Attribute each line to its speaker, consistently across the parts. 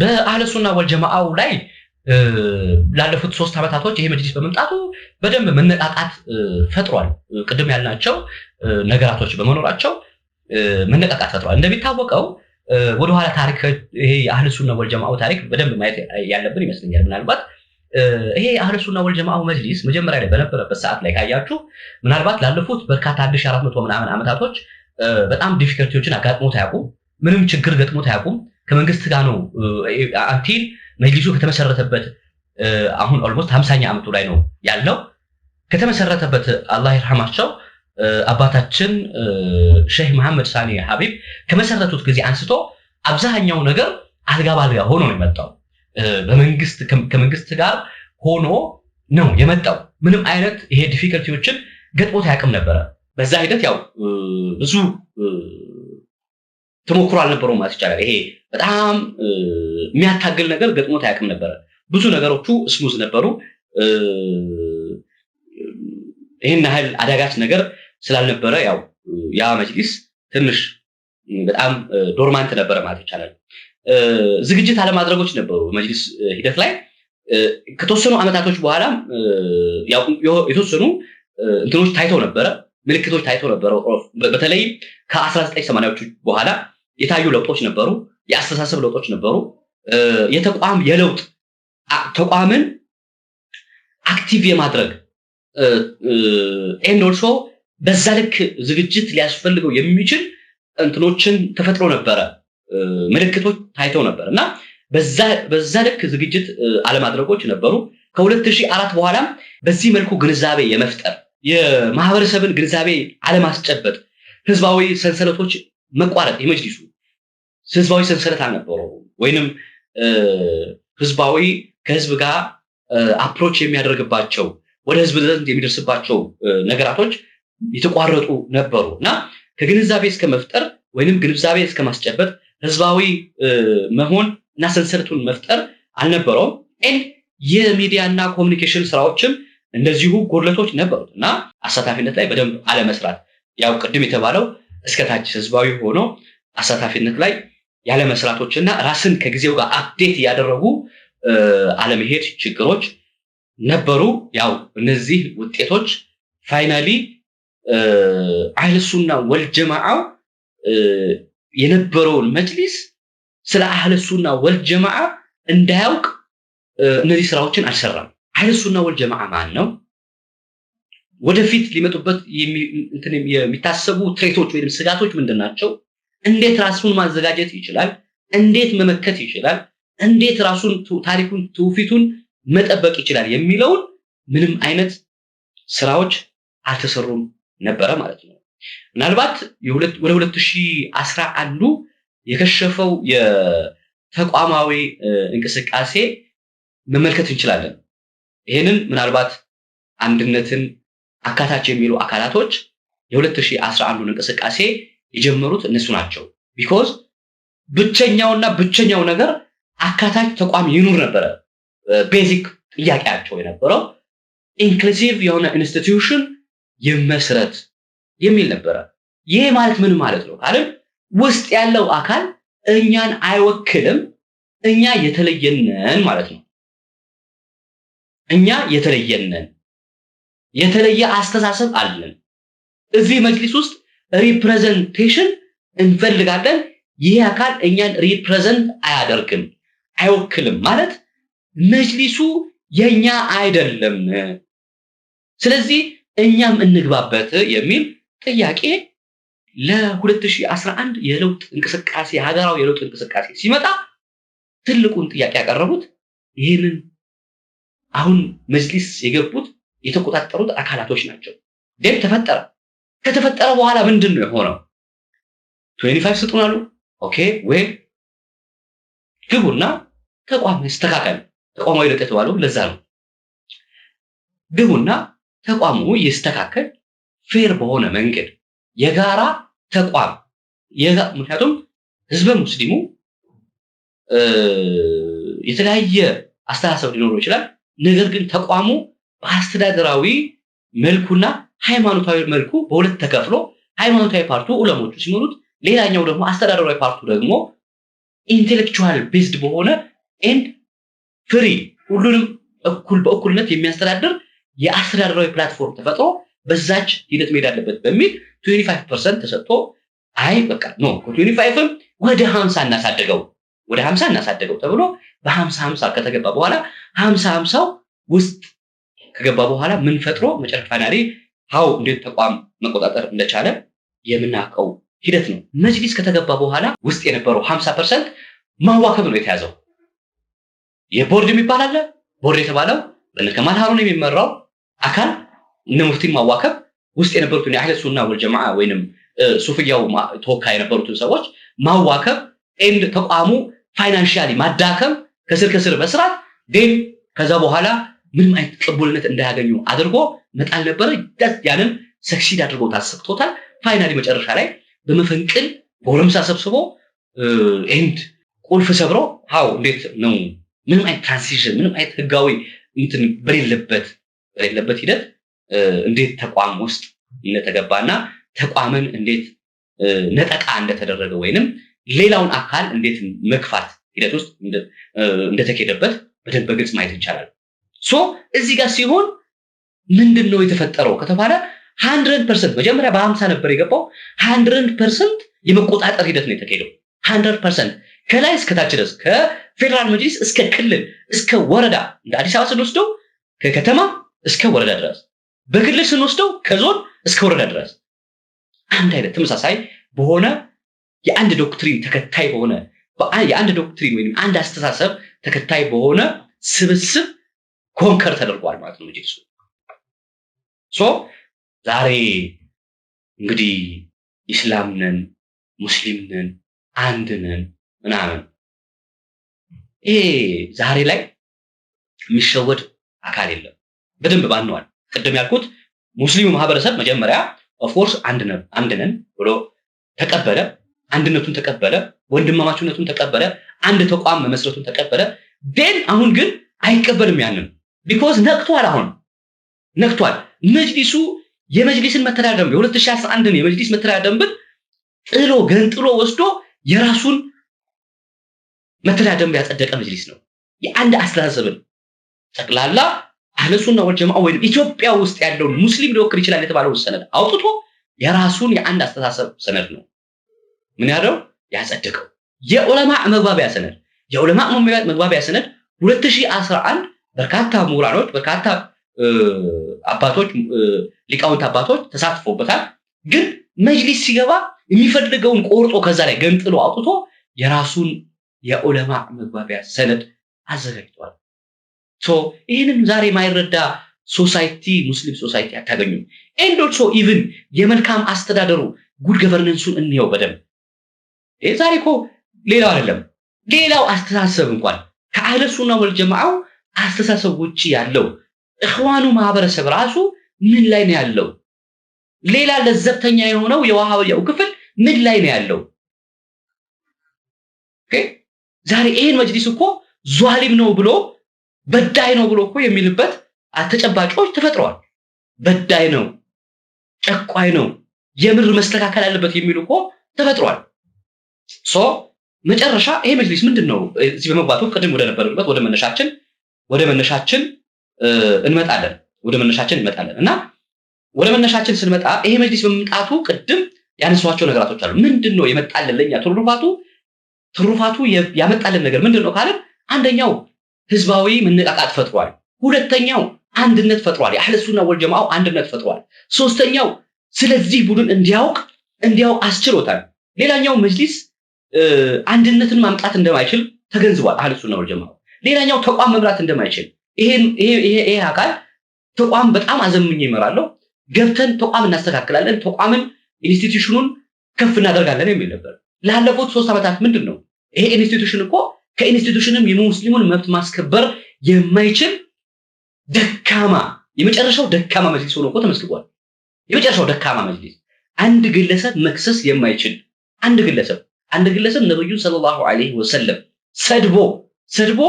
Speaker 1: በአህለሱና ወልጀማአው ላይ ላለፉት ሶስት ዓመታቶች ይሄ መጅሊስ በመምጣቱ በደንብ መነቃቃት ፈጥሯል። ቅድም ያልናቸው ነገራቶች በመኖራቸው መነቃቃት ፈጥሯል። እንደሚታወቀው ወደኋላ ታሪክ ይሄ የአህልሱና ወልጀማአው ታሪክ በደንብ ማየት ያለብን ይመስለኛል። ምናልባት ይሄ የአህልሱና ወልጀማአው መጅሊስ መጀመሪያ ላይ በነበረበት ሰዓት ላይ ካያችሁ ምናልባት ላለፉት በርካታ መቶ ምናምን ዓመታቶች በጣም ዲፊከልቲዎችን አጋጥሞት አያውቁም። ምንም ችግር ገጥሞት አያውቁም። ከመንግስት ጋር ነው አንቲል መጅሊሱ ከተመሰረተበት አሁን ኦልሞስት ሀምሳኛ ዓመቱ ላይ ነው ያለው። ከተመሰረተበት አላህ ይርሐማቸው አባታችን ሼህ መሐመድ ሳኒ ሀቢብ ከመሰረቱት ጊዜ አንስቶ አብዛኛው ነገር አልጋ ባልጋ ሆኖ ነው የመጣው። በመንግስት ከመንግስት ጋር ሆኖ ነው የመጣው። ምንም አይነት ይሄ ዲፊከልቲዎችን ገጥሞት አያውቅም ነበረ። በዛ ሂደት ያው ብዙ ተሞክሮ አልነበረው ማለት ይቻላል። ይሄ በጣም የሚያታግል ነገር ገጥሞ ታያቅም ነበረ። ብዙ ነገሮቹ ስሙዝ ነበሩ። ይህን ያህል አዳጋች ነገር ስላልነበረ ያው ያ መጅሊስ ትንሽ በጣም ዶርማንት ነበረ ማለት ይቻላል። ዝግጅት አለማድረጎች ነበሩ መጅሊስ ሂደት ላይ ከተወሰኑ ዓመታቶች በኋላ የተወሰኑ እንትኖች ታይተው ነበረ፣ ምልክቶች ታይተው ነበረ። በተለይ ከ1980ዎቹ በኋላ የታዩ ለውጦች ነበሩ፣ የአስተሳሰብ ለውጦች ነበሩ። የተቋም የለውጥ ተቋምን አክቲቭ የማድረግ ኤንድ ኦልሶ በዛ ልክ ዝግጅት ሊያስፈልገው የሚችል እንትኖችን ተፈጥሮ ነበረ፣ ምልክቶች ታይተው ነበር እና በዛ ልክ ዝግጅት አለማድረጎች ነበሩ። ከ204 በኋላም በዚህ መልኩ ግንዛቤ የመፍጠር የማህበረሰብን ግንዛቤ አለማስጨበጥ ህዝባዊ ሰንሰለቶች መቋረጥ የመጅሊሱ ህዝባዊ ሰንሰለት አልነበረው ወይንም ህዝባዊ ከህዝብ ጋር አፕሮች የሚያደርግባቸው ወደ ህዝብ ዘንድ የሚደርስባቸው ነገራቶች የተቋረጡ ነበሩ እና ከግንዛቤ እስከ መፍጠር ወይንም ግንዛቤ እስከ ማስጨበጥ ህዝባዊ መሆን እና ሰንሰለቱን መፍጠር አልነበረውም። ኤን የሚዲያ እና ኮሚኒኬሽን ስራዎችም እንደዚሁ ጎድለቶች ነበሩት እና አሳታፊነት ላይ በደንብ አለመስራት ያው ቅድም የተባለው እስከታች ህዝባዊ ሆኖ አሳታፊነት ላይ ያለመስራቶችና ራስን ከጊዜው ጋር አፕዴት እያደረጉ አለመሄድ ችግሮች ነበሩ። ያው እነዚህ ውጤቶች ፋይናሊ አህለሱና ወልጀማዓው የነበረውን መጅሊስ ስለ አህለሱና ወልጀማዓ እንዳያውቅ እነዚህ ስራዎችን አልሰራም። አህለሱና ወልጀማዓ ማን ነው? ወደፊት ሊመጡበት የሚታሰቡ ትሬቶች ወይም ስጋቶች ምንድን ናቸው? እንዴት ራሱን ማዘጋጀት ይችላል? እንዴት መመከት ይችላል? እንዴት ራሱን ታሪኩን፣ ትውፊቱን መጠበቅ ይችላል የሚለውን ምንም አይነት ስራዎች አልተሰሩም ነበረ ማለት ነው። ምናልባት ወደ ሁለት ሺህ አስራ አንዱ የከሸፈው የተቋማዊ እንቅስቃሴ መመልከት እንችላለን። ይህንን ምናልባት አንድነትን አካታች የሚሉ አካላቶች የ2011 እንቅስቃሴ የጀመሩት እነሱ ናቸው። ቢኮዝ ብቸኛውና ብቸኛው ነገር አካታች ተቋም ይኑር ነበረ ቤዚክ ጥያቄያቸው የነበረው ኢንክሉሲቭ የሆነ ኢንስቲትዩሽን የመስረት የሚል ነበረ። ይህ ማለት ምን ማለት ነው ካልም ውስጥ ያለው አካል እኛን አይወክልም፣ እኛ የተለየነን ማለት ነው። እኛ የተለየነን የተለየ አስተሳሰብ አለን። እዚህ መጅሊስ ውስጥ ሪፕሬዘንቴሽን እንፈልጋለን። ይህ አካል እኛን ሪፕሬዘንት አያደርግም፣ አይወክልም ማለት መጅሊሱ የኛ አይደለም፣ ስለዚህ እኛም እንግባበት የሚል ጥያቄ ለ2011 የለውጥ እንቅስቃሴ ሀገራዊ የለውጥ እንቅስቃሴ ሲመጣ ትልቁን ጥያቄ ያቀረቡት ይህንን አሁን መጅሊስ የገቡት የተቆጣጠሩት አካላቶች ናቸው። ደም ተፈጠረ። ከተፈጠረ በኋላ ምንድን ነው የሆነው? 25 ፋይቭ ስጡን አሉ። ኦኬ ወይ ግቡና ተቋም ይስተካከል። ተቋማዊ ልቀት የተባለው ለዛ ነው። ግቡና ተቋሙ ይስተካከል ፌር በሆነ መንገድ የጋራ ተቋም ምክንያቱም ህዝበ ሙስሊሙ የተለያየ አስተሳሰብ ሊኖረው ይችላል። ነገር ግን ተቋሙ በአስተዳደራዊ መልኩና ሃይማኖታዊ መልኩ በሁለት ተከፍሎ ሃይማኖታዊ ፓርቱ ዑለሞቹ ሲኖሩት፣ ሌላኛው ደግሞ አስተዳደራዊ ፓርቱ ደግሞ ኢንቴሌክቹዋል ቤዝድ በሆነ ኤንድ ፍሪ ሁሉንም እኩል በእኩልነት የሚያስተዳድር የአስተዳደራዊ ፕላትፎርም ተፈጥሮ በዛች ሂደት መሄድ አለበት በሚል ትዌንቲ ፐርሰንት ተሰጥቶ አይ በቃ ኖ ከትዌንቲ ፋይቭም ወደ ሀምሳ እናሳደገው ወደ ሀምሳ እናሳደገው ተብሎ በሀምሳ ሀምሳ ከተገባ በኋላ ሀምሳ ሀምሳው ውስጥ ከገባ በኋላ ምን ፈጥሮ መጨረሻ ላይ ሀው እንዴት ተቋም መቆጣጠር እንደቻለ የምናውቀው ሂደት ነው። መጅሊስ ከተገባ በኋላ ውስጥ የነበረው 50 ፐርሰንት ማዋከብ ነው የተያዘው። የቦርድ የሚባል አለ። ቦርድ የተባለው በነከማል ሀሩን የሚመራው አካል እነ ሙፍቲን ማዋከብ ውስጥ የነበሩትን የአህለ ሱና ወልጀማ ወይንም ሱፍያው ተወካይ የነበሩትን ሰዎች ማዋከብ ኤንድ ተቋሙ ፋይናንሽያሊ ማዳከም ከስር ከስር መስራት ዴን ከዛ በኋላ ምንም አይነት ቅቡልነት እንዳያገኙ አድርጎ መጣል ነበረ። ያንን ሰክሲድ አድርጎ ታሰብቶታል። ፋይናሊ መጨረሻ ላይ በመፈንቅል ጎረምሳ ሰብስቦ ኤንድ ቁልፍ ሰብሮ ው እንዴት ነው ምንም አይነት ትራንሲሽን ምንም አይነት ህጋዊ እንትን በሌለበት በሌለበት ሂደት እንዴት ተቋም ውስጥ እንደተገባና ተቋምን እንዴት ነጠቃ እንደተደረገ ወይንም ሌላውን አካል እንዴት መግፋት ሂደት ውስጥ እንደተኬደበት በደንብ በግልጽ ማየት ይቻላል። ሶ እዚህ ጋር ሲሆን ምንድን ነው የተፈጠረው ከተባለ ሀንድረድ ፐርሰንት መጀመሪያ በሀምሳ ነበር የገባው ሀንድረድ ፐርሰንት የመቆጣጠር ሂደት ነው የተካሄደው ሀንድረድ ፐርሰንት ከላይ እስከታች ድረስ ከፌዴራል መጅሊስ እስከ ክልል እስከ ወረዳ እንደ አዲስ አበባ ስንወስደው ከከተማ እስከ ወረዳ ድረስ በክልል ስንወስደው ከዞን እስከ ወረዳ ድረስ አንድ አይነት ተመሳሳይ በሆነ የአንድ ዶክትሪን ተከታይ በሆነ የአንድ ዶክትሪን ወይም አንድ አስተሳሰብ ተከታይ በሆነ ስብስብ ኮንከር ተደርጓል ማለት ነው ጂፕሱ። ሶ ዛሬ እንግዲህ ኢስላም ነን፣ ሙስሊም ነን፣ አንድ ነን ምናምን ይሄ ዛሬ ላይ የሚሸወድ አካል የለም። በደንብ ባነዋል። ቅድም ያልኩት ሙስሊሙ ማህበረሰብ መጀመሪያ ኦፍኮርስ አንድ ነን ብሎ ተቀበለ፣ አንድነቱን ተቀበለ፣ ወንድማማችነቱን ተቀበለ፣ አንድ ተቋም መመስረቱን ተቀበለ። ቤን አሁን ግን አይቀበልም ያንን ቢኮዝ ነቅቷል። አሁን ነቅቷል። መጅሊሱ የመጅሊስን መተዳደሪያ ደንብ አስራ አንድን የመጅሊስ መተዳደሪያ ደንብን ጥሎ ገንጥሎ ወስዶ የራሱን መተዳደሪያ ደንብ ያጸደቀ መጅሊስ ነው። የአንድ አስተሳሰብን ጠቅላላ አህለሱና ወልጀማ ወይም ኢትዮጵያ ውስጥ ያለውን ሙስሊም ሊወክል ይችላል የተባለውን ሰነድ አውጥቶ የራሱን የአንድ አስተሳሰብ ሰነድ ነው ምን ያለው ያጸደቀው የዑለማ መግባቢያ ሰነድ የዑለማ መግባቢያ ሰነድ 2011 በርካታ ምሁራኖች፣ በርካታ አባቶች፣ ሊቃውንት አባቶች ተሳትፎበታል። ግን መጅሊስ ሲገባ የሚፈልገውን ቆርጦ ከዛ ላይ ገንጥሎ አውጥቶ የራሱን የዑለማ መግባቢያ ሰነድ አዘጋጅተዋል። ይህንም ዛሬ ማይረዳ ሶሳይቲ ሙስሊም ሶሳይቲ አታገኙም። ኤንዶሶ ኢቭን የመልካም አስተዳደሩ ጉድ ገቨርነንሱን እንየው በደንብ ዛሬ ሌላው አይደለም ሌላው አስተሳሰብ እንኳን ከአህለ ሱና አስተሳሰብ ውጭ ያለው እህዋኑ ማህበረሰብ ራሱ ምን ላይ ነው ያለው? ሌላ ለዘብተኛ የሆነው የዋሃብያው ክፍል ምን ላይ ነው ያለው? ዛሬ ይሄን መጅሊስ እኮ ዟሊም ነው ብሎ በዳይ ነው ብሎ እኮ የሚልበት ተጨባጮች ተፈጥረዋል። በዳይ ነው፣ ጨቋይ ነው፣ የምር መስተካከል አለበት የሚሉ እኮ ተፈጥሯል። ሶ መጨረሻ ይሄ መጅሊስ ምንድን ነው እዚህ በመግባቱ ቅድም ወደ ነበረበት ወደ መነሻችን ወደ መነሻችን እንመጣለን ወደ መነሻችን እንመጣለን እና ወደ መነሻችን ስንመጣ ይሄ መጅሊስ በመምጣቱ ቅድም ያነሷቸው ነገራቶች አሉ። ምንድን ነው የመጣልን ለኛ ትሩፋቱ ትሩፋቱ ያመጣልን ነገር ምንድን ነው ካለን፣ አንደኛው ህዝባዊ መነቃቃት ፈጥሯል። ሁለተኛው አንድነት ፈጥሯል። የአህለ ወልጀማው አንድነት ፈጥሯል። ሶስተኛው ስለዚህ ቡድን እንዲያውቅ እንዲያውቅ አስችሎታል። ሌላኛው መጅሊስ አንድነትን ማምጣት እንደማይችል ተገንዝቧል። አህለ ወልጀማው ሌላኛው ተቋም መምራት እንደማይችል ይሄ አካል ተቋም በጣም አዘምኝ ይመራለሁ፣ ገብተን ተቋም እናስተካክላለን፣ ተቋምን ኢንስቲትዩሽኑን ከፍ እናደርጋለን የሚል ነበር። ላለፉት ሶስት ዓመታት ምንድን ነው ይሄ ኢንስቲትዩሽን እኮ ከኢንስቲትዩሽንም የሙስሊሙን መብት ማስከበር የማይችል ደካማ የመጨረሻው ደካማ መጅሊስ ሆኖ እኮ ተመስልቋል። የመጨረሻው ደካማ መጅሊስ አንድ ግለሰብ መክሰስ የማይችል አንድ ግለሰብ አንድ ግለሰብ ነብዩን ሰለላሁ ዐለይሂ ወሰለም ሰድቦ ሰድቦ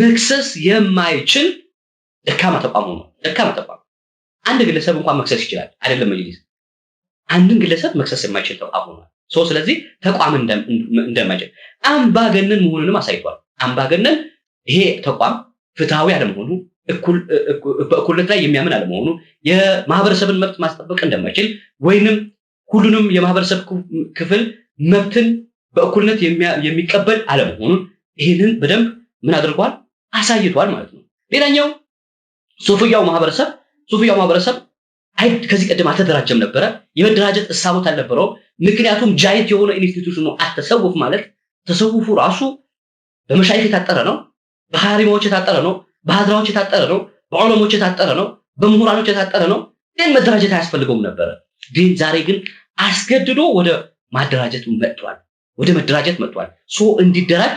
Speaker 1: መክሰስ የማይችል ደካማ ተቋሙ ነው። ደካማ ተቋሙ አንድ ግለሰብ እንኳን መክሰስ ይችላል አይደለም መጅሊስ አንድን ግለሰብ መክሰስ የማይችል ተቋም ነው ሶ ስለዚህ ተቋም እንደማይችል አምባገነን መሆኑንም አሳይቷል። አምባገነን ይሄ ተቋም ፍትሐዊ አለመሆኑ፣ በእኩልነት ላይ የሚያምን አለመሆኑ፣ የማህበረሰብን መብት ማስጠበቅ እንደማይችል ወይንም ሁሉንም የማህበረሰብ ክፍል መብትን በእኩልነት የሚቀበል አለመሆኑን ይህንን በደንብ ምን አድርጓል? አሳይቷል ማለት ነው። ሌላኛው ሱፍያው ማህበረሰብ ሱፍያው ማህበረሰብ አይ ከዚህ ቀደም አልተደራጀም ነበረ፣ የመደራጀት እሳቦት አልነበረው። ምክንያቱም ጃይት የሆነ ኢንስቲትዩሽን አተሰውፍ ማለት ተሰውፉ ራሱ በመሻይፍ የታጠረ ነው፣ በሐሪማዎች የታጠረ ነው፣ በሀድራዎች የታጠረ ነው፣ በዑለሞች የታጠረ ነው፣ በምሁራኖች የታጠረ ነው። ግን መደራጀት አያስፈልገውም ነበረ። ግን ዛሬ ግን አስገድዶ ወደ ማደራጀት መጥቷል፣ ወደ መደራጀት መጥቷል። ሶ እንዲደራጅ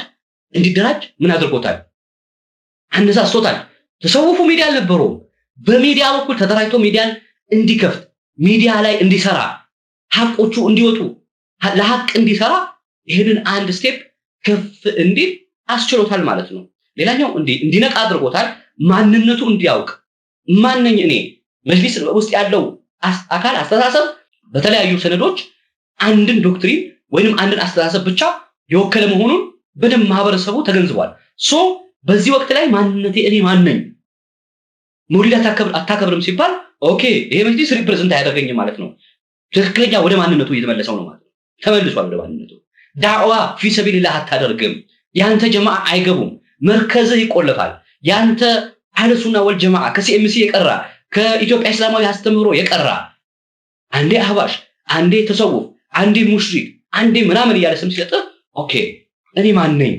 Speaker 1: እንዲደራጅ ምን አድርጎታል? አነሳስቶታል። ተሰውፉ ሚዲያ አልነበረውም። በሚዲያ በኩል ተደራጅቶ ሚዲያን እንዲከፍት ሚዲያ ላይ እንዲሰራ ሀቆቹ እንዲወጡ ለሀቅ እንዲሰራ ይህንን አንድ ስቴፕ ከፍ እንዲል አስችሎታል ማለት ነው። ሌላኛው እንዲነቃ አድርጎታል። ማንነቱ እንዲያውቅ ማነኝ እኔ መጅሊስ ውስጥ ያለው አካል አስተሳሰብ በተለያዩ ሰነዶች አንድን ዶክትሪን ወይንም አንድን አስተሳሰብ ብቻ የወከለ መሆኑን በደንብ ማህበረሰቡ ተገንዝቧል። ሶ በዚህ ወቅት ላይ ማንነቴ እኔ ማን ነኝ መውሊድ አታከብርም ሲባል ኦኬ ይሄ መጅሊስ ሪፕሬዘንት አያደርገኝም ማለት ነው። ትክክለኛ ወደ ማንነቱ እየተመለሰው ነው ማለት ነው። ተመልሷል ወደ ማንነቱ። ዳዕዋ ፊሰቢልላህ አታደርግም። ያንተ ጀማዓ አይገቡም። መርከዝህ ይቆለፋል። ያንተ አህለሱና ወል ጀማዓ ከሲኤምሲ የቀራ ከኢትዮጵያ እስላማዊ አስተምህሮ የቀራ አንዴ አህባሽ፣ አንዴ ተሰውፍ፣ አንዴ ሙሽሪክ፣ አንዴ ምናምን እያለ ስም ሲለጥፍ ኦኬ እኔ ማን ነኝ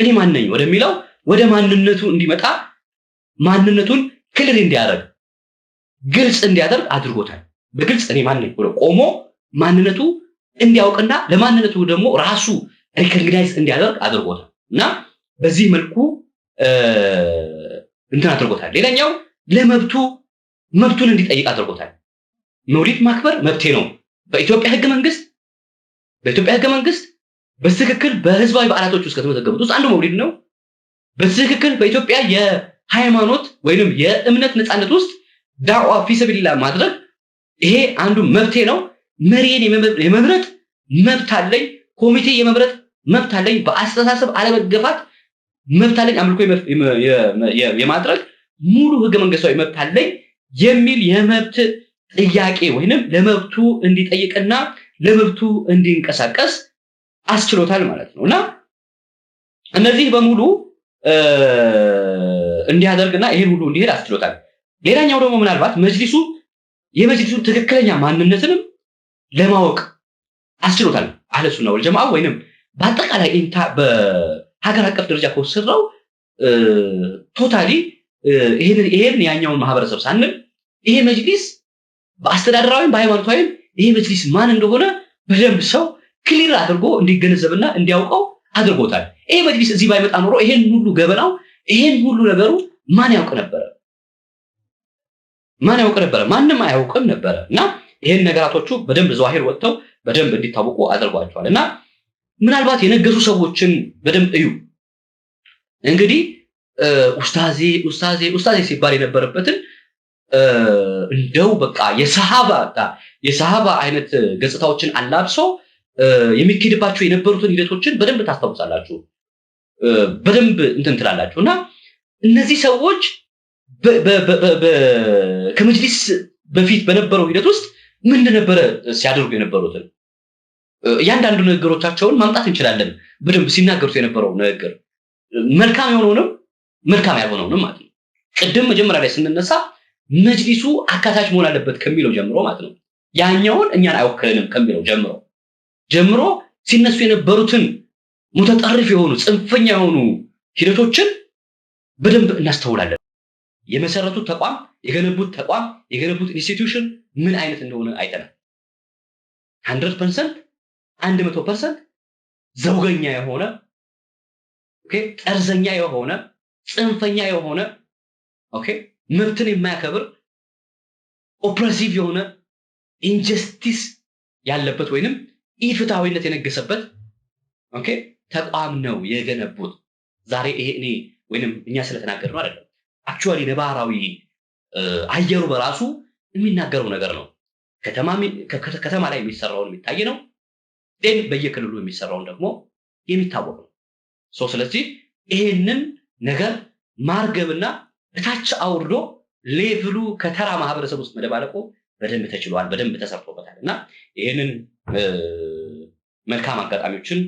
Speaker 1: እኔ ማን ነኝ ወደሚለው ወደ ማንነቱ እንዲመጣ ማንነቱን ክልል እንዲያደርግ ግልጽ እንዲያደርግ አድርጎታል። በግልጽ እኔ ማን ነኝ ብሎ ቆሞ ማንነቱ እንዲያውቅና ለማንነቱ ደግሞ ራሱ ሪኮግናይዝ እንዲያደርግ አድርጎታል እና በዚህ መልኩ እንትን አድርጎታል። ሌላኛው ለመብቱ መብቱን እንዲጠይቅ አድርጎታል። መውሊድ ማክበር መብቴ ነው በኢትዮጵያ ህገ መንግስት በኢትዮጵያ ህገ መንግስት በትክክል በህዝባዊ በዓላቶች ውስጥ ከተመዘገቡት ውስጥ አንዱ መውሊድ ነው። በትክክል በኢትዮጵያ የሃይማኖት ወይንም የእምነት ነፃነት ውስጥ ዳዋ ፊሰቢላ ማድረግ ይሄ አንዱ መብቴ ነው። መሪን የመምረጥ መብት አለኝ። ኮሚቴ የመምረጥ መብት አለኝ። በአስተሳሰብ አለመገፋት መብት አለኝ። አምልኮ የማድረግ ሙሉ ህገ መንግስታዊ መብት አለኝ የሚል የመብት ጥያቄ ወይንም ለመብቱ እንዲጠይቅና ለመብቱ እንዲንቀሳቀስ አስችሎታል ማለት ነው። እና እነዚህ በሙሉ እንዲያደርግና ይሄን ሁሉ እንዲሄድ አስችሎታል። ሌላኛው ደግሞ ምናልባት መጅሊሱ የመጅሊሱን ትክክለኛ ማንነትንም ለማወቅ አስችሎታል። አህለ ሱና ወልጀማ ወይንም በአጠቃላይ በሀገር አቀፍ ደረጃ ከወሰራው ቶታሊ ይሄን ያኛውን ማህበረሰብ ሳንል ይሄ መጅሊስ በአስተዳደራዊም በሃይማኖታዊም ይሄ መጅሊስ ማን እንደሆነ በደንብ ሰው ክሊር አድርጎ እንዲገነዘብና እንዲያውቀው አድርጎታል። ይሄ በዲቪስ እዚህ ባይመጣ ኖሮ ይሄን ሁሉ ገበናው ይሄን ሁሉ ነገሩ ማን ያውቅ ነበረ? ማን ያውቅ ነበረ? ማንም አያውቅም ነበረ። እና ይሄን ነገራቶቹ በደንብ ዘዋሂር ወጥተው በደንብ እንዲታወቁ አድርጓቸዋል። እና ምናልባት የነገሱ ሰዎችን በደንብ እዩ። እንግዲህ ኡስታዜ ኡስታዜ ኡስታዜ ሲባል የነበረበትን እንደው በቃ የሰሃባ የሰሃባ አይነት ገጽታዎችን አላብሰው የሚካሄድባቸው የነበሩትን ሂደቶችን በደንብ ታስታውሳላችሁ፣ በደንብ እንትን ትላላችሁ እና እነዚህ ሰዎች ከመጅሊስ በፊት በነበረው ሂደት ውስጥ ምን እንደነበረ ሲያደርጉ የነበሩትን እያንዳንዱ ንግግሮቻቸውን ማምጣት እንችላለን። በደንብ ሲናገሩት የነበረው ንግግር መልካም የሆነውንም መልካም ያልሆነውንም ማለት ነው። ቅድም መጀመሪያ ላይ ስንነሳ መጅሊሱ አካታች መሆን አለበት ከሚለው ጀምሮ ማለት ነው። ያኛውን እኛን አይወክልንም ከሚለው ጀምሮ ጀምሮ ሲነሱ የነበሩትን ሙተጠርፍ የሆኑ ጽንፈኛ የሆኑ ሂደቶችን በደንብ እናስተውላለን። የመሰረቱት ተቋም የገነቡት ተቋም የገነቡት ኢንስቲትዩሽን ምን አይነት እንደሆነ አይተናል። ሀንድረድ ፐርሰንት አንድ መቶ ፐርሰንት ዘውገኛ የሆነ ጠርዘኛ የሆነ ጽንፈኛ የሆነ መብትን የማያከብር ኦፕሬሲቭ የሆነ ኢንጀስቲስ ያለበት ወይንም ኢፍትሐዊነት የነገሰበት ተቋም ነው የገነቡት። ዛሬ ይሄ እኔ ወይም እኛ ስለተናገር ነው አይደለም። አክቹዋሊ ነባራዊ አየሩ በራሱ የሚናገረው ነገር ነው። ከተማ ላይ የሚሰራውን የሚታይ ነው። ን በየክልሉ የሚሰራውን ደግሞ የሚታወቅ ነው። ስለዚህ ይሄንን ነገር ማርገብና እታች አውርዶ ሌቭሉ ከተራ ማህበረሰብ ውስጥ መደባለቁ በደንብ ተችሏል፣ በደንብ ተሰርቶበታል እና ይህንን መልካም አጋጣሚዎችን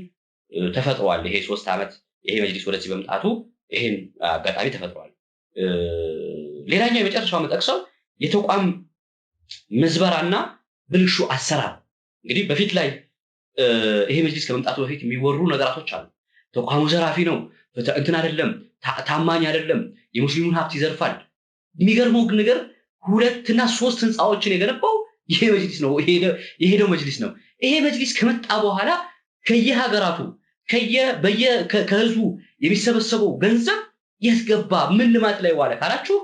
Speaker 1: ተፈጥሯል። ይሄ ሶስት ዓመት ይሄ መጅሊስ ወደዚህ በመምጣቱ ይሄን አጋጣሚ ተፈጥሯል። ሌላኛው የመጨረሻው መጠቅሰው የተቋም ምዝበራና ብልሹ አሰራር እንግዲህ በፊት ላይ ይሄ መጅሊስ ከመምጣቱ በፊት የሚወሩ ነገራቶች አሉ። ተቋሙ ዘራፊ ነው፣ እንትን አይደለም፣ ታማኝ አይደለም፣ የሙስሊሙን ሀብት ይዘርፋል። የሚገርመው ነገር ሁለትና ሶስት ህንፃዎችን የገነባው ይሄ መጅሊስ ነው፣ የሄደው መጅሊስ ነው። ይሄ መጅሊስ ከመጣ በኋላ ከየሀገራቱ ከህዝቡ የሚሰበሰበው ገንዘብ የት ገባ? ምን ልማት ላይ ዋለ ካላችሁ፣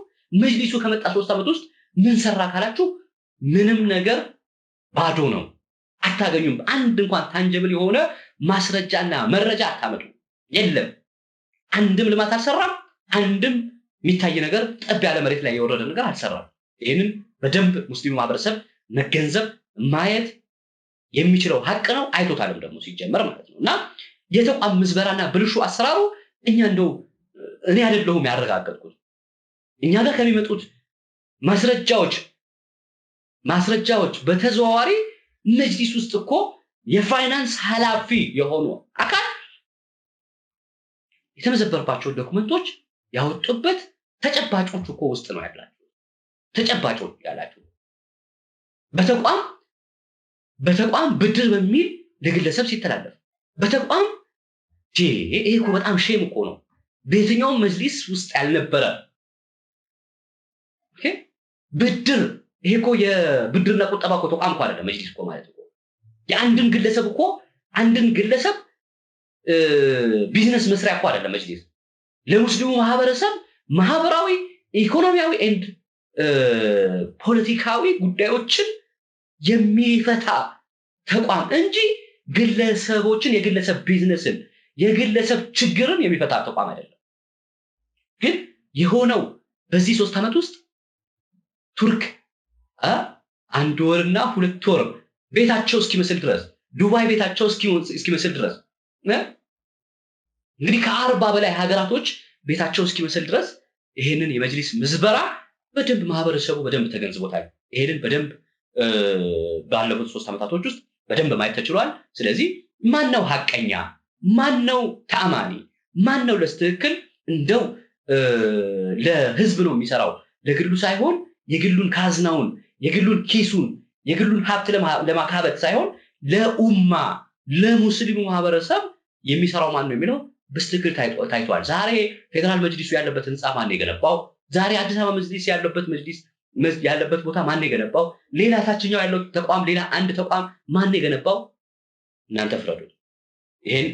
Speaker 1: መጅሊሱ ከመጣ ሶስት ዓመት ውስጥ ምን ሰራ ካላችሁ፣ ምንም ነገር ባዶ ነው። አታገኙም። አንድ እንኳን ታንጀብል የሆነ ማስረጃና መረጃ አታመጡ። የለም አንድም ልማት አልሰራም። አንድም የሚታይ ነገር ጠብ ያለ መሬት ላይ የወረደ ነገር አልሰራም። ይህንን በደንብ ሙስሊሙ ማህበረሰብ መገንዘብ ማየት የሚችለው ሀቅ ነው። አይቶታልም ደግሞ ሲጀመር ማለት ነው እና የተቋም ምዝበራና ብልሹ አሰራሩ እኛ እንደው እኔ አደለሁም ያረጋገጥኩት እኛ ጋር ከሚመጡት ማስረጃዎች ማስረጃዎች በተዘዋዋሪ መጅሊስ ውስጥ እኮ የፋይናንስ ሀላፊ የሆኑ አካል የተመዘበርባቸውን ዶኩመንቶች ያወጡበት ተጨባጮች እኮ ውስጥ ነው ያላቸው ተጨባጮች ያላቸው በተቋም በተቋም ብድር በሚል ለግለሰብ ሲተላለፍ በተቋም ይሄ እኮ በጣም ሼም እኮ ነው። በየትኛውም መጅሊስ ውስጥ ያልነበረ ብድር ይሄ እኮ የብድርና ቁጠባ እኮ ተቋም እኮ አይደለም መጅሊስ እኮ ማለት እኮ የአንድን ግለሰብ እኮ አንድን ግለሰብ ቢዝነስ መስሪያ እኳ አይደለም መጅሊስ ለሙስሊሙ ማህበረሰብ ማህበራዊ ኢኮኖሚያዊ ኤንድ ፖለቲካዊ ጉዳዮችን የሚፈታ ተቋም እንጂ ግለሰቦችን የግለሰብ ቢዝነስን የግለሰብ ችግርን የሚፈታ ተቋም አይደለም። ግን የሆነው በዚህ ሶስት ዓመት ውስጥ ቱርክ አንድ ወርና ሁለት ወር ቤታቸው እስኪመስል ድረስ ዱባይ ቤታቸው እስኪመስል ድረስ እንግዲህ ከአርባ በላይ ሀገራቶች ቤታቸው እስኪመስል ድረስ ይህንን የመጅሊስ ምዝበራ በደንብ ማህበረሰቡ በደንብ ተገንዝቦታል። ይህንን በደንብ ባለፉት ሶስት ዓመታቶች ውስጥ በደንብ ማየት ተችሏል። ስለዚህ ማን ነው ሀቀኛ፣ ማን ነው ተአማኒ፣ ማን ነው ለስትክክል እንደው ለህዝብ ነው የሚሰራው ለግሉ ሳይሆን የግሉን ካዝናውን፣ የግሉን ኪሱን፣ የግሉን ሀብት ለማካበት ሳይሆን ለኡማ ለሙስሊሙ ማህበረሰብ የሚሰራው ማን ነው የሚለው በስትክክል ታይቷል። ዛሬ ፌዴራል መጅሊሱ ያለበት ህንፃ ማን የገነባው? ዛሬ አዲስ አበባ መጅሊስ ያለበት መጅሊስ ያለበት ቦታ ማን የገነባው? ሌላ ታችኛው ያለው ተቋም ሌላ አንድ ተቋም ማን የገነባው? እናንተ ፍረዱ። ይሄን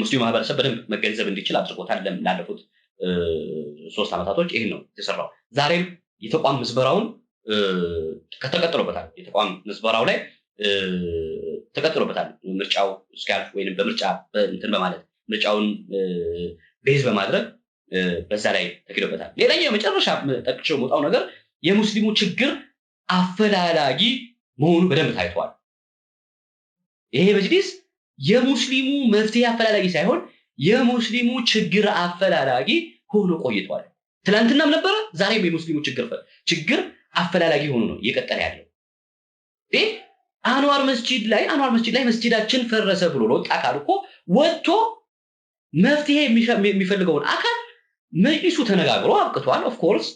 Speaker 1: ሙስሊም ማህበረሰብ በደንብ መገንዘብ እንዲችል አድርጎታል። ላለፉት ሶስት ዓመታቶች ይህን ነው የተሰራው። ዛሬም የተቋም ምዝበራውን ከተቀጥሎበታል። የተቋም ምዝበራው ላይ ተቀጥሎበታል። ምርጫው እስኪያልፍ ወይም በምርጫ እንትን በማለት ምርጫውን ቤዝ በማድረግ በዛ ላይ ተኪዶበታል። ሌላኛው የመጨረሻ ጠቅቸው መውጣው ነገር የሙስሊሙ ችግር አፈላላጊ መሆኑ በደንብ ታይቷል። ይሄ መጅሊስ የሙስሊሙ መፍትሄ አፈላላጊ ሳይሆን የሙስሊሙ ችግር አፈላላጊ ሆኖ ቆይቷል። ትላንትናም ነበረ፣ ዛሬም የሙስሊሙ ችግር ችግር አፈላላጊ ሆኖ ነው እየቀጠለ ያለው። ይህ አንዋር መስጂድ ላይ አንዋር መስጂድ ላይ መስጂዳችን ፈረሰ ብሎ ለወጣ አካል እኮ ወጥቶ መፍትሄ የሚፈልገውን አካል መጅሊሱ ተነጋግሮ አብቅቷል። ኦፍኮርስ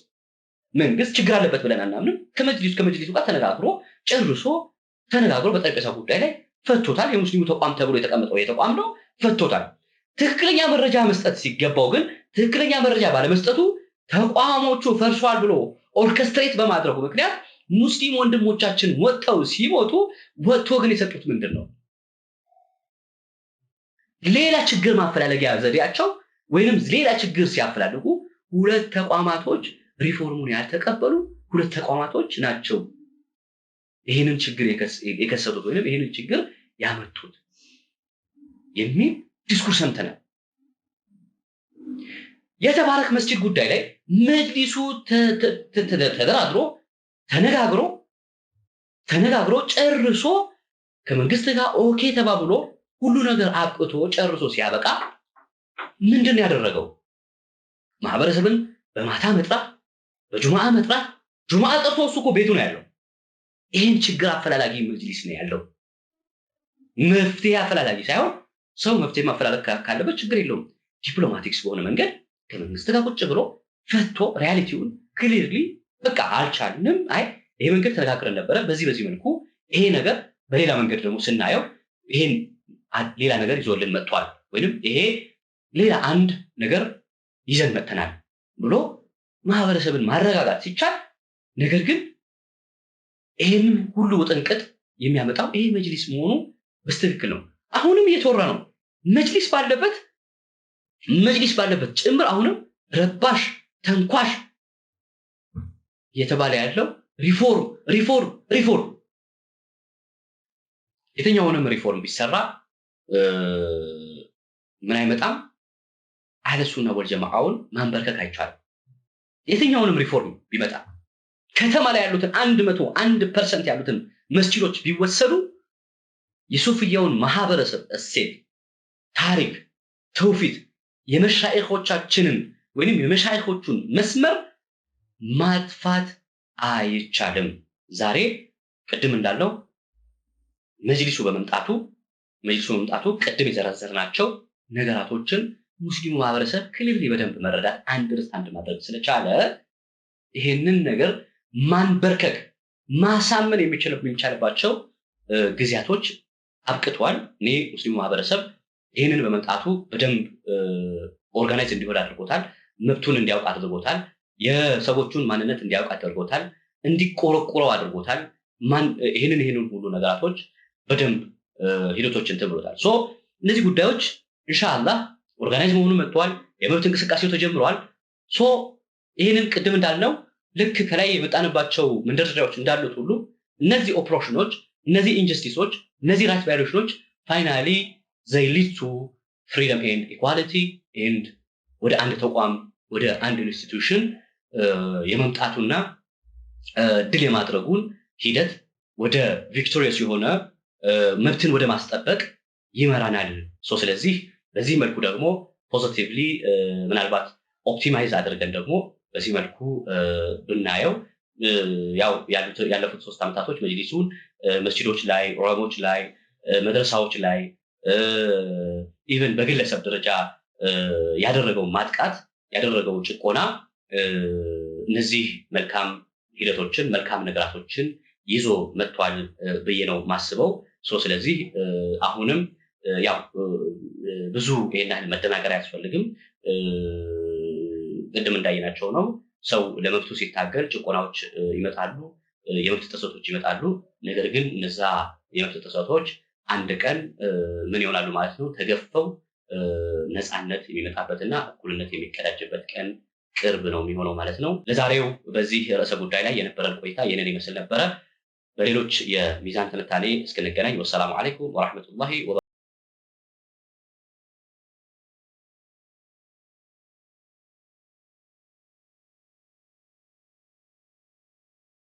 Speaker 1: መንግስት ችግር አለበት ብለን አናምንም። ከመጅሊሱ ከመጅሊሱ ጋር ተነጋግሮ ጨርሶ ተነጋግሮ በጠረጴዛ ጉዳይ ላይ ፈቶታል። የሙስሊሙ ተቋም ተብሎ የተቀመጠው የተቋም ነው፣ ፈቶታል። ትክክለኛ መረጃ መስጠት ሲገባው ግን ትክክለኛ መረጃ ባለመስጠቱ ተቋሞቹ ፈርሷል ብሎ ኦርኬስትሬት በማድረጉ ምክንያት ሙስሊም ወንድሞቻችን ወጥተው ሲሞቱ ወጥቶ ግን የሰጡት ምንድን ነው? ሌላ ችግር ማፈላለጊያ ዘዴያቸው ወይንም ሌላ ችግር ሲያፈላልጉ ሁለት ተቋማቶች ሪፎርሙን ያልተቀበሉ ሁለት ተቋማቶች ናቸው ይህንን ችግር የከሰቱት ወይም ይህንን ችግር ያመጡት የሚል ዲስኩርስ ሰምተናል። የተባረክ መስጅድ ጉዳይ ላይ መጅሊሱ ተደራድሮ ተነጋግሮ ተነጋግሮ ጨርሶ ከመንግስት ጋር ኦኬ ተባብሎ ሁሉ ነገር አብቅቶ ጨርሶ ሲያበቃ ምንድን ያደረገው ማህበረሰብን በማታ መጥራት በጁምዓ መጥራት ጁምዓ ጠርቶ እሱ እኮ ቤቱ ነው ያለው። ይህን ችግር አፈላላጊ መጅሊስ ነው ያለው። መፍትሄ አፈላላጊ ሳይሆን ሰው መፍትሄ ማፈላለግ ካለበት ችግር የለውም። ዲፕሎማቲክስ በሆነ መንገድ ከመንግስት ጋር ቁጭ ብሎ ፈቶ ሪያሊቲውን ክሊርሊ በቃ አልቻልንም፣ አይ ይሄ መንገድ ተነጋግረን ነበረ በዚህ በዚህ መልኩ ይሄ ነገር በሌላ መንገድ ደግሞ ስናየው ይሄን ሌላ ነገር ይዞልን መጥቷል፣ ወይንም ይሄ ሌላ አንድ ነገር ይዘን መጥተናል ብሎ ማህበረሰብን ማረጋጋት ሲቻል፣ ነገር ግን ይህንን ሁሉ ውጥንቅጥ የሚያመጣው ይሄ መጅሊስ መሆኑ በስትክክል ነው። አሁንም እየተወራ ነው። መጅሊስ ባለበት መጅሊስ ባለበት ጭምር አሁንም ረባሽ ተንኳሽ እየተባለ ያለው ሪፎርም ሪፎርም ሪፎርም የትኛውንም ሪፎርም ቢሰራ ምን አይመጣም። አለሱና ሱና ማንበርከክ አይቻልም። የትኛውንም ሪፎርም ቢመጣ ከተማ ላይ ያሉትን አንድ መቶ አንድ ፐርሰንት ያሉትን መስጅዶች ቢወሰዱ የሱፍያውን ማህበረሰብ እሴት፣ ታሪክ፣ ትውፊት የመሻይኮቻችንን ወይም የመሻይኮቹን መስመር ማጥፋት አይቻልም። ዛሬ ቅድም እንዳለው መጅሊሱ በመምጣቱ መጅሊሱ በመምጣቱ ቅድም ናቸው ነገራቶችን ሙስሊሙ ማህበረሰብ ክሊርሊ በደንብ መረዳት አንደርስታንድ ማድረግ ስለቻለ ይሄንን ነገር ማንበርከክ ማሳመን የሚቻልባቸው ጊዜያቶች አብቅተዋል። እኔ ሙስሊሙ ማህበረሰብ ይህንን በመምጣቱ በደንብ ኦርጋናይዝ እንዲሆን አድርጎታል። መብቱን እንዲያውቅ አድርጎታል። የሰዎቹን ማንነት እንዲያውቅ አድርጎታል። እንዲቆረቆረው አድርጎታል። ይህንን ይህንን ሁሉ ነገራቶች በደንብ ሂደቶችን ትብሎታል። እነዚህ ጉዳዮች አላህ ኦርጋናይዝ መሆኑ መጥተዋል። የመብት እንቅስቃሴው ተጀምረዋል። ሶ ይህንን ቅድም እንዳልነው ልክ ከላይ የመጣንባቸው መንደርደሪያዎች እንዳሉት ሁሉ እነዚህ ኦፕሬሽኖች፣ እነዚህ ኢንጀስቲሶች፣ እነዚህ ራይት ቫዮሌሽኖች ፋይናሊ ዘይሊቱ ፍሪደም ኤንድ ኢኳሊቲ ኤንድ ወደ አንድ ተቋም ወደ አንድ ኢንስቲቱሽን የመምጣቱና ድል የማድረጉን ሂደት ወደ ቪክቶሪየስ የሆነ መብትን ወደ ማስጠበቅ ይመራናል። ሶ ስለዚህ በዚህ መልኩ ደግሞ ፖዘቲቭሊ ምናልባት ኦፕቲማይዝ አድርገን ደግሞ በዚህ መልኩ ብናየው ያለፉት ሶስት ዓመታቶች መጅሊሱን መስጅዶች ላይ፣ ኦረሞች ላይ፣ መድረሳዎች ላይ ኢቨን በግለሰብ ደረጃ ያደረገው ማጥቃት ያደረገው ጭቆና እነዚህ መልካም ሂደቶችን መልካም ነገራቶችን ይዞ መጥቷል ብዬ ነው ማስበው። ስለዚህ አሁንም ያው ብዙ ይህን ያህል መደናገር አያስፈልግም። ቅድም እንዳየናቸው ነው። ሰው ለመብቱ ሲታገል ጭቆናዎች ይመጣሉ፣ የመብት ጥሰቶች ይመጣሉ። ነገር ግን እነዛ የመብት ጥሰቶች አንድ ቀን ምን ይሆናሉ ማለት ነው ተገፈው ነፃነት የሚመጣበትና እኩልነት የሚቀዳጅበት ቀን ቅርብ ነው የሚሆነው ማለት ነው። ለዛሬው በዚህ ርዕሰ ጉዳይ ላይ የነበረን ቆይታ ይህንን ይመስል ነበረ። በሌሎች የሚዛን ትንታኔ እስክንገናኝ ወሰላሙ አለይኩም ወራህመቱላሂ